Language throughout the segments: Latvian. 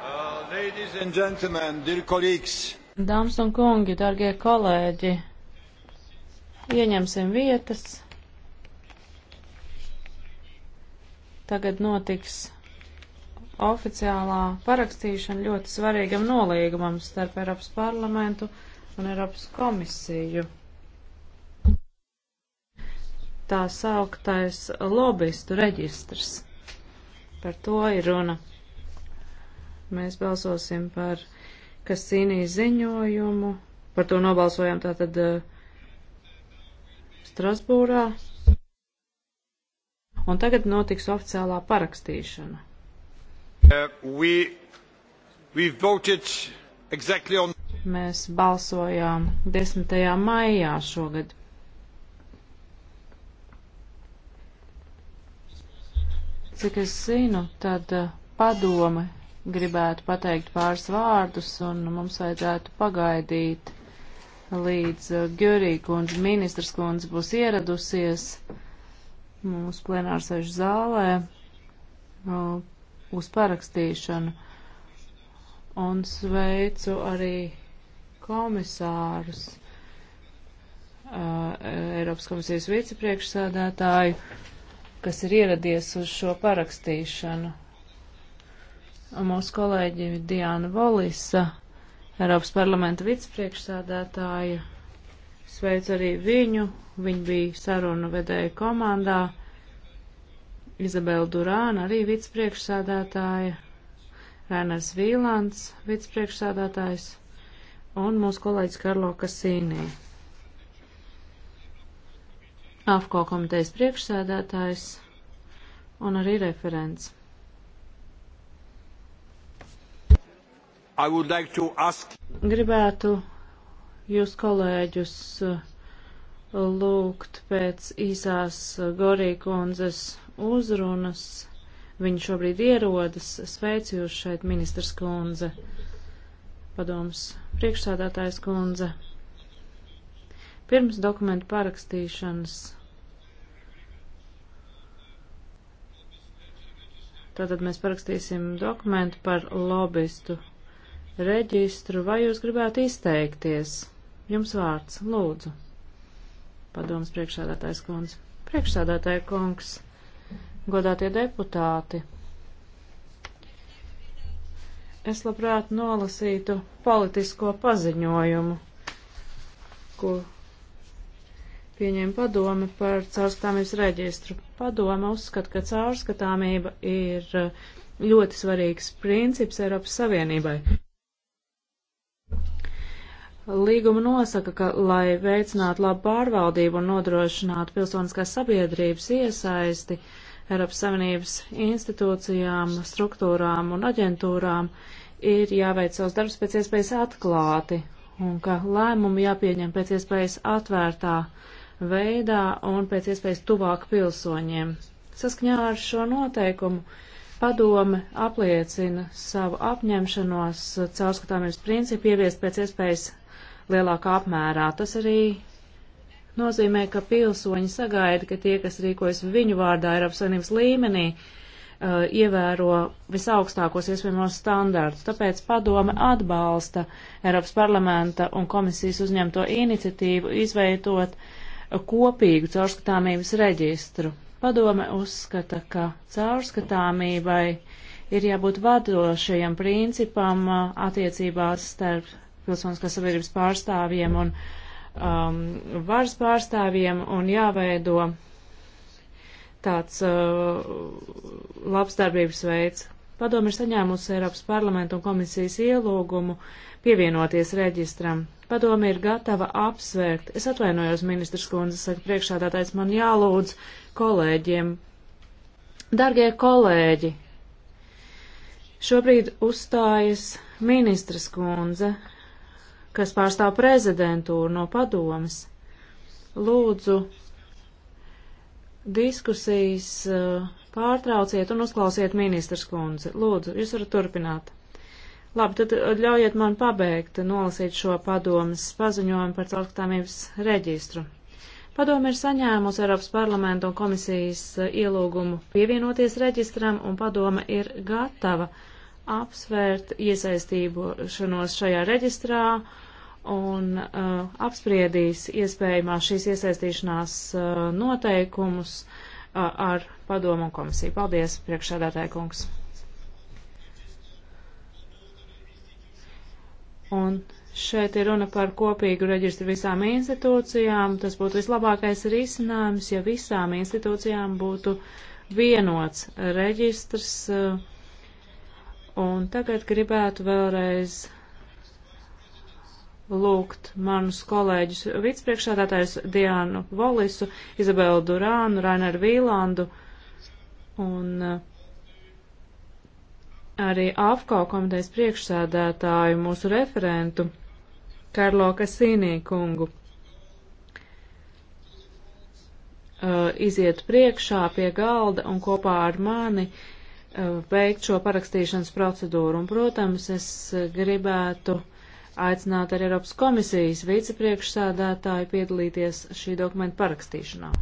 Uh, Dāmas un kungi, dargie kolēģi, ieņemsim vietas. Tagad notiks oficiālā parakstīšana ļoti svarīgam nolīgumam starp Eiropas parlamentu un Eiropas komisiju tā sauktais lobistu reģistrs. Par to ir runa. Mēs balsosim par Kasīnī ziņojumu. Par to nobalsojām tātad eh, Strasbūrā. Un tagad notiks oficiālā parakstīšana. Uh, we, we voted exactly on... Mēs balsojām 10. maijā šogad Cik es zinu, tad eh, padome gribētu pateikt pāris vārdus, un mums vajadzētu pagaidīt, līdz eh, Gjurī kundze, ministrs kundze būs ieradusies mūsu plenārsēžu zālē eh, uz parakstīšanu. Un sveicu arī komisārus, Eiropas komisijas vicepriekšsēdētāju kas ir ieradies uz šo parakstīšanu. Un mūsu kolēģi Diana Volisa, Eiropas parlamenta vicepriekšsādātāja, sveic arī viņu. Viņa bija sarunu vedēja komandā. Izabela Durāna arī vicepriekšsādātāja, Rainers Vīlāns vicepriekšsādātājs un mūsu kolēģis Karlo Kasīnija. AFCO komitejas priekšsēdētājs un arī referents. Like ask... Gribētu jūs kolēģus uh, lūgt pēc īsās Gorija kundzes uzrunas. Viņa šobrīd ierodas. Sveicu jūs šeit, ministrs kundze, padoms priekšsādātājs kundze. Pirms dokumentu parakstīšanas Tātad mēs parakstīsim dokumentu par lobistu reģistru. Vai jūs gribētu izteikties? Jums vārds, lūdzu. Padomas priekšsādātājs kundze. Priekšsādātāja kungs, godātie deputāti. Es labprāt nolasītu politisko paziņojumu, ko pieņēma padome par caurskatāmības reģistru. Padoma uzskata, ka caurskatāmība ir uh, ļoti svarīgs princips Eiropas Savienībai. Līguma nosaka, ka, lai veicinātu labu pārvaldību un nodrošinātu pilsoniskās sabiedrības iesaisti Eiropas Savienības institūcijām, struktūrām un aģentūrām, ir jāveic savus darbus pēc iespējas atklāti un ka lēmumi jāpieņem pēc iespējas atvērtā uh, veidā un pēc iespējas tuvāk pilsoņiem. Saskaņā ar šo noteikumu padome apliecina savu apņemšanos caurskatāmības principu ieviest pēc iespējas lielākā apmērā. Tas arī nozīmē, ka pilsoņi sagaida, ka tie, kas rīkojas viņu vārdā Eiropas Savienības līmenī, uh, ievēro visaugstākos iespējamos standārtus. Tāpēc padome atbalsta Eiropas parlamenta un komisijas uzņemto iniciatīvu izveidot uh, kopīgu caurskatāmības reģistru. Padome uzskata, ka caurskatāmībai ir jābūt vadošajam principam attiecībās starp pilsoniskās sabiedrības pārstāvjiem un um, varas pārstāvjiem un jāveido tāds uh, labsdarbības veids. Padomi ir saņēmusi Eiropas parlamentu un komisijas ielūgumu pievienoties reģistram, Padome ir gatava apsvērt. Es atvainojos, ministrs kundze, saka priekšādātais, man jālūdz kolēģiem. Dargie kolēģi, šobrīd uzstājas ministrs kundze, kas pārstāv prezidentūru no padomas. Lūdzu, diskusijas uh, pārtrauciet un uzklausiet ministrs kundze. Lūdzu, jūs varat turpināt. Labi, tad uh, ļaujiet man pabeigt nolasīt šo padomas paziņojumu par caurskatāmības reģistru. Padoma ir saņēmusi Eiropas parlamentu un komisijas uh, ielūgumu pievienoties reģistram, un padoma ir gatava apsvērt iesaistīšanos šajā reģistrā un uh, apspriedīs iespējamā šīs iesaistīšanās uh, noteikumus uh, ar padomu un komisiju. Paldies, priekšsēdētāja kungs! Un šeit ir runa par kopīgu reģistru visām institūcijām. Tas būtu vislabākais risinājums, ja visām institūcijām būtu vienots reģistrs. Un tagad gribētu vēlreiz lūgt manus kolēģus vicepriekšādātājus Diānu Volisu, Izabelu Durānu, Raineru Vīlandu un uh, arī AFKO komitejas priekšsēdētāju, mūsu referentu, Karlo Kasīnī kungu. Uh, iziet priekšā pie galda un kopā ar mani uh, veikt šo parakstīšanas procedūru. Un, protams, es gribētu aicināt arī Eiropas komisijas vicepriekšsādātāju piedalīties šī dokumenta parakstīšanā.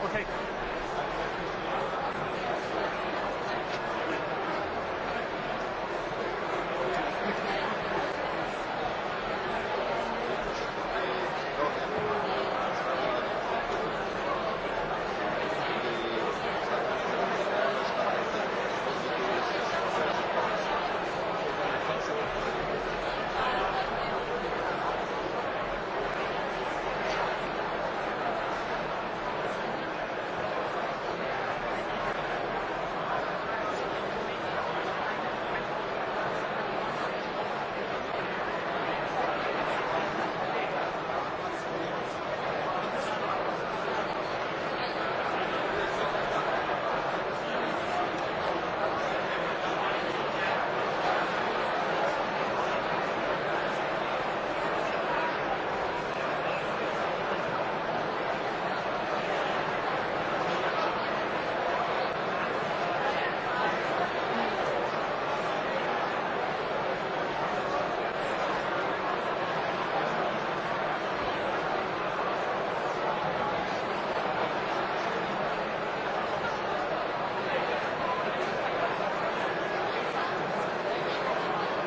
Perfecto.